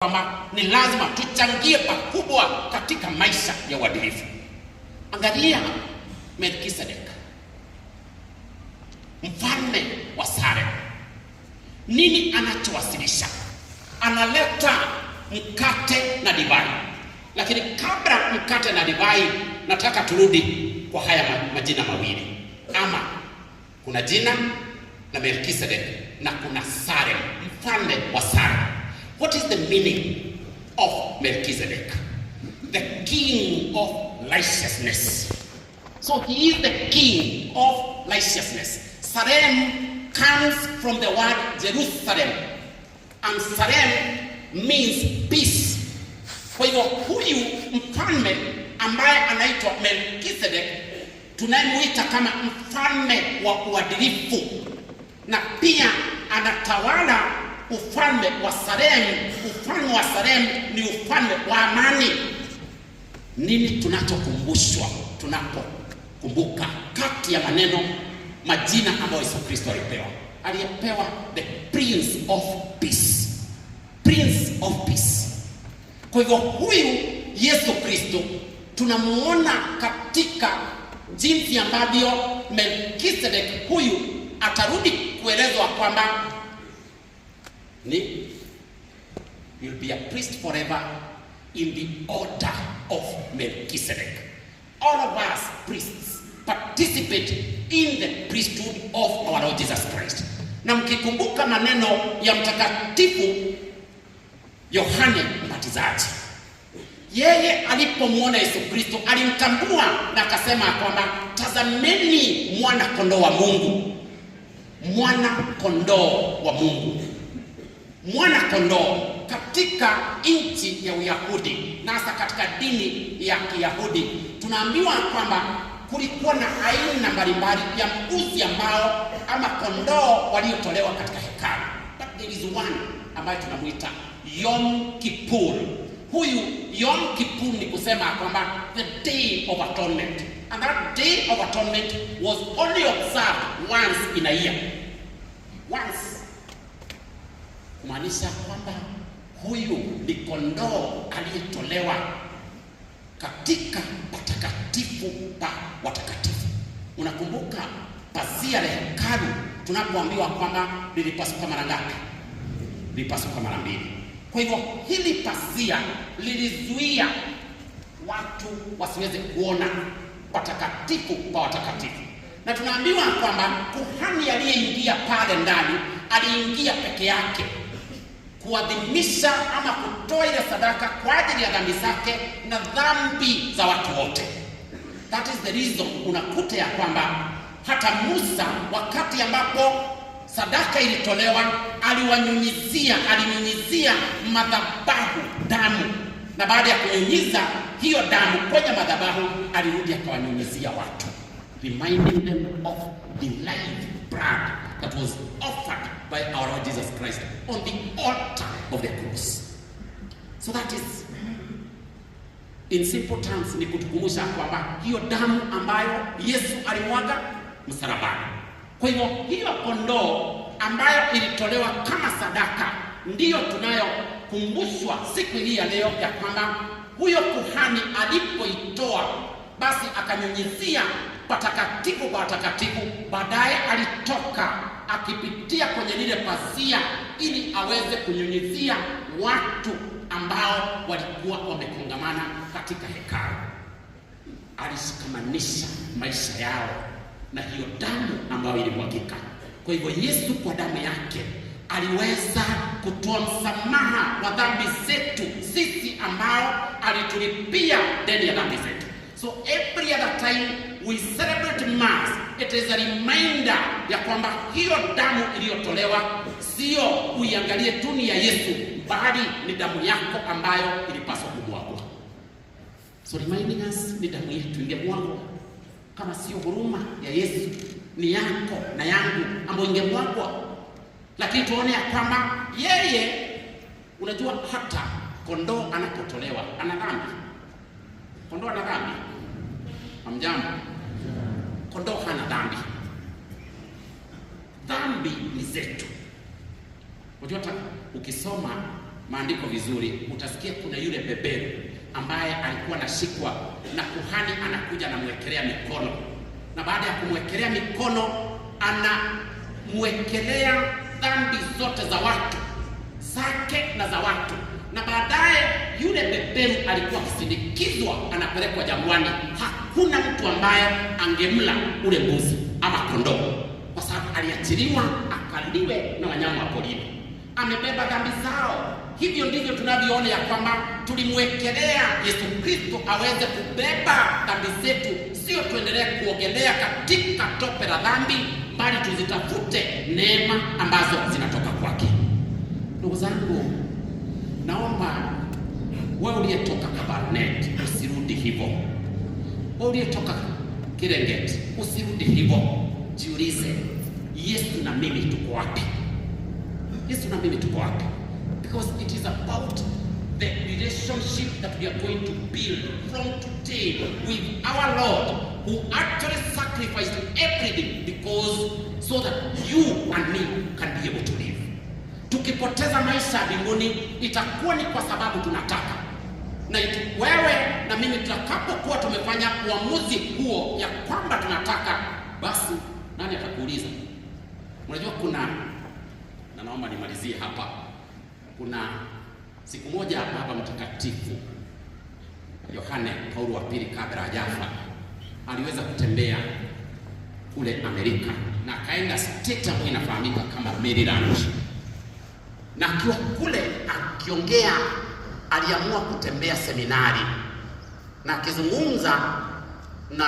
Kwamba ni lazima tuchangie pakubwa katika maisha ya uadilifu. Angalia Melkisedek, mfalme wa Salem, nini anachowasilisha? Analeta mkate na divai, lakini kabla mkate na divai, nataka turudi kwa haya majina mawili, ama kuna jina la Melkisedek na kuna Salem, mfalme wa Salem. What is the meaning of Melchizedek? The king of righteousness. So he is the king of righteousness. Salem comes from the word Jerusalem. And Salem means peace. Kwa hivyo huyu mfalme ambaye anaitwa Melchizedek tunayemwita kama mfalme wa uadilifu na pia anatawala ufalme wa Salemu. Ufalme wa Salemu ni ufalme wa amani. Nini tunachokumbushwa tunapokumbuka kati ya maneno majina ambayo Yesu Kristo alipewa? Aliyepewa the Prince of Peace, Prince of Peace. Kwa hivyo huyu Yesu Kristo tunamuona katika jinsi ambavyo Melkisedeki huyu atarudi kuelezwa kwamba ni you'll be a priest forever in the order of Melchizedek. All of us priests participate in the priesthood of our Lord Jesus Christ. Na mkikumbuka maneno ya mtakatifu Yohane Mbatizaji, yeye alipomwona Yesu Kristo alimtambua na akasema kwamba tazameni mwana kondoo wa Mungu, mwana kondoo wa Mungu mwana kondoo katika nchi ya Uyahudi na hasa katika dini ya Kiyahudi, tunaambiwa kwamba kulikuwa na aina mbalimbali ya mbuzi ambao ama kondoo waliotolewa katika hekalu. There is one ambayo tunamwita Yom Kippur. Huyu Yom Kippur ni kusema kwamba the day of atonement, and that day of atonement was only observed once in a year, once kumaanisha kwamba huyu ni kondoo aliyetolewa katika patakatifu pa watakatifu. Unakumbuka pazia la hekalu tunapoambiwa kwamba lilipasuka mara ngapi? Lilipasuka mara mbili. Kwa hivyo hili pazia lilizuia watu wasiweze kuona patakatifu pa watakatifu, na tunaambiwa kwamba kuhani aliyeingia pale ndani aliingia peke yake kuadhimisha ama kutoa ile sadaka kwa ajili ya dhambi zake na dhambi za watu wote. That is the reason unakuta ya kwamba hata Musa wakati ambapo sadaka ilitolewa aliwanyunyizia, alinyunyizia madhabahu damu, na baada ya kunyunyiza hiyo damu kwenye madhabahu alirudi akawanyunyizia watu, reminding them of the life blood that was offered by our Lord Jesus Christ on the altar of the cross. So that is in simple terms ni kutukumbusha kwamba hiyo damu ambayo Yesu alimwaga msalabani. Kwa hivyo hiyo kondoo ambayo ilitolewa kama sadaka ndiyo tunayokumbushwa siku hii ya leo ya kwamba huyo kuhani alipoitoa basi akanyunyizia patakatifu kwa watakatifu. Baadaye alitoka akipitia kwenye lile pazia ili aweze kunyunyizia watu ambao walikuwa wamekongamana katika hekalu. alishikamanisha maisha yao na hiyo damu ambayo ilimwagika. Kwa hivyo, Yesu kwa damu yake aliweza kutoa msamaha wa dhambi zetu sisi, ambao alitulipia deni ya dhambi zetu. So every other time we celebrate mass, it is a reminder ya kwamba hiyo damu iliyotolewa sio uiangalie tu ni ya Yesu, bali ni damu yako ambayo ilipaswa kumwagwa. So reminding us ni damu yetu ingemwagwa, kama sio huruma ya Yesu ni yako na yangu ambayo ingemwagwa, lakini tuone ya kwamba yeye, unajua hata kondoo anapotolewa ana dhambi. Kondoo ana dhambi. amjambo Kondoo hana dhambi, dhambi ni zetu. Unajua, ukisoma maandiko vizuri utasikia kuna yule beberu ambaye alikuwa anashikwa na kuhani, anakuja anamwekelea mikono, na baada ya kumwekelea mikono anamwekelea dhambi zote za watu zake na za watu, na baadaye yule beberu alikuwa akisindikizwa anapelekwa jangwani hakuna mtu ambaye angemla ule mbuzi ama kondoo, kwa sababu aliachiliwa akaliwe na wanyama wa porini. Amebeba dhambi zao. Hivyo ndivyo tunavyoona ya kwamba tulimwekelea Yesu Kristo aweze kubeba dhambi zetu, sio tuendelee kuogelea katika tope la dhambi, bali tuzitafute neema ambazo zinatoka kwake. Ndugu zangu, naomba wewe uliyetoka Kabarnet usirudi hivyo uliyetoka Kirengeti usirudi hivyo. Jiulize, Yesu na mimi tuko wapi? Yesu na mimi tuko wapi? Because it is about the relationship that we are going to build from today with our Lord who actually sacrificed everything because so that you and me can be able to live. Tukipoteza maisha ya mbinguni itakuwa ni kwa sababu tunataka na wewe na mimi tutakapokuwa tumefanya uamuzi huo ya kwamba tunataka basi, nani atakuuliza? Unajua, kuna na naomba nimalizie hapa. Kuna siku moja Baba Mtakatifu Yohane Paulo wa pili kabla hajafa aliweza kutembea kule Amerika na akaenda state ambayo inafahamika kama Maryland, na akiwa kule akiongea aliamua kutembea seminari na akizungumza na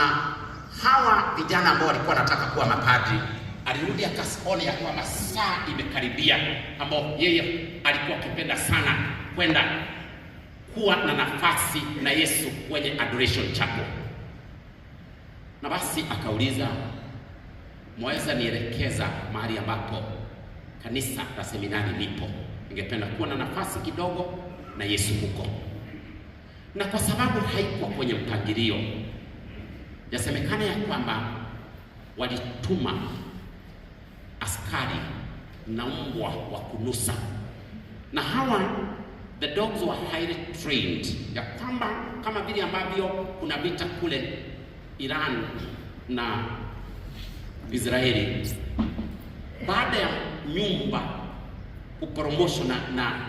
hawa vijana ambao walikuwa wanataka kuwa mapadri, alirudi akasikoni ya kwamba saa imekaribia ambao yeye alikuwa akipenda sana kwenda kuwa na nafasi na Yesu kwenye adoration chapel, na basi akauliza, mwaweza nielekeza mahali ambapo kanisa la seminari lipo? ningependa kuwa na nafasi kidogo na Yesu huko, na kwa sababu haikuwa kwenye mpangilio, yasemekana ya kwamba walituma askari na mbwa wa kunusa, na hawa the dogs were highly trained, ya kwamba kama vile ambavyo kuna vita kule Iran na Israeli, baada ya nyumba uporomosho na, na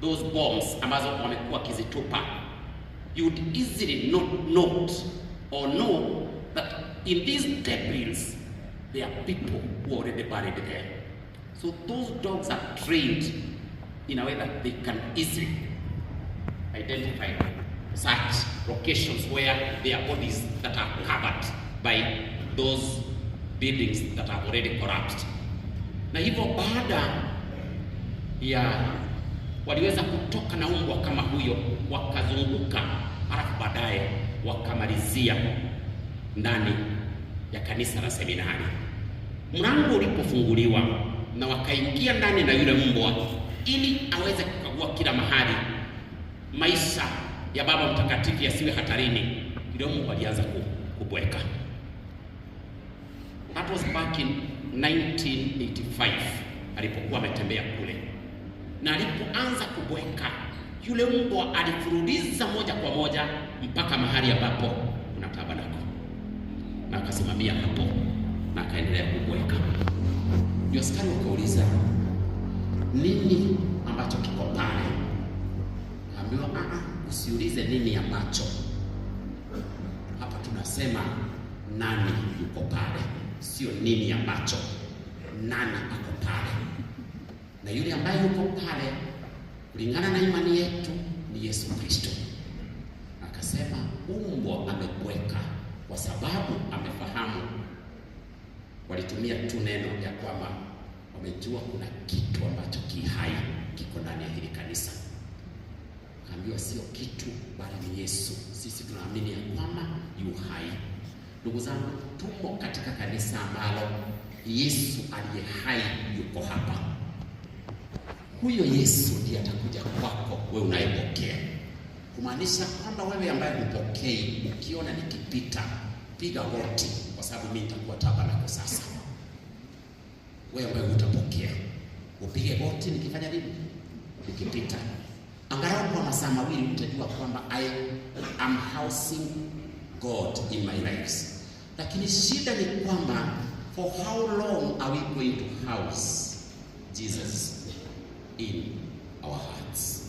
those bombs ambazo wamekuwa wakizitupa, you would easily not note or know that in these debris there are people who are already buried there. So those dogs are trained in a way that they can easily identify such locations where there are bodies that are covered by those buildings that are already collapsed. Na hivyo baada ya waliweza kutoka na umbwa kama huyo, wakazunguka halafu baadaye wakamalizia ndani ya kanisa la seminari. Mlango ulipofunguliwa na wakaingia ndani na yule mbwa, ili aweze kukagua kila mahali maisha ya Baba Mtakatifu yasiwe hatarini, yule mbwa alianza kubweka. That was back in 1985 alipokuwa ametembea kule na alipoanza kubweka, yule mbwa alifuruliza moja kwa moja mpaka mahali ambapo kuna tabanako, na akasimamia hapo na akaendelea kubweka. Ndio askari wakauliza, nini ambacho kiko pale? Ambiwa a, ah, ah, usiulize nini ambacho hapa, tunasema nani yuko pale, sio nini ambacho, nani ako na yule ambaye yuko pale kulingana na imani yetu ni Yesu Kristo. Akasema umbwa amebweka, kwa sababu amefahamu. Walitumia tu neno ya kwamba wamejua kuna kitu ambacho kihai kiko ndani ya hili kanisa. Kaambiwa sio kitu, bali ni Yesu. Sisi tunaamini ya kwamba yu hai. Ndugu zangu, tumo katika kanisa ambalo Yesu aliye hai yuko hapa huyo Yesu ndiye atakuja kwako wewe unayepokea. Kumaanisha kwamba wewe ambaye hupokei, ukiona nikipita piga goti, kwa sababu mimi nitakuwa taba nako. Sasa wewe ambaye utapokea, upige goti. Nikifanya nini? Nikipita angalau kwa masaa mawili, utajua kwamba I am housing God in my lives. Lakini shida ni kwamba for how long are we going to house Jesus in our hearts.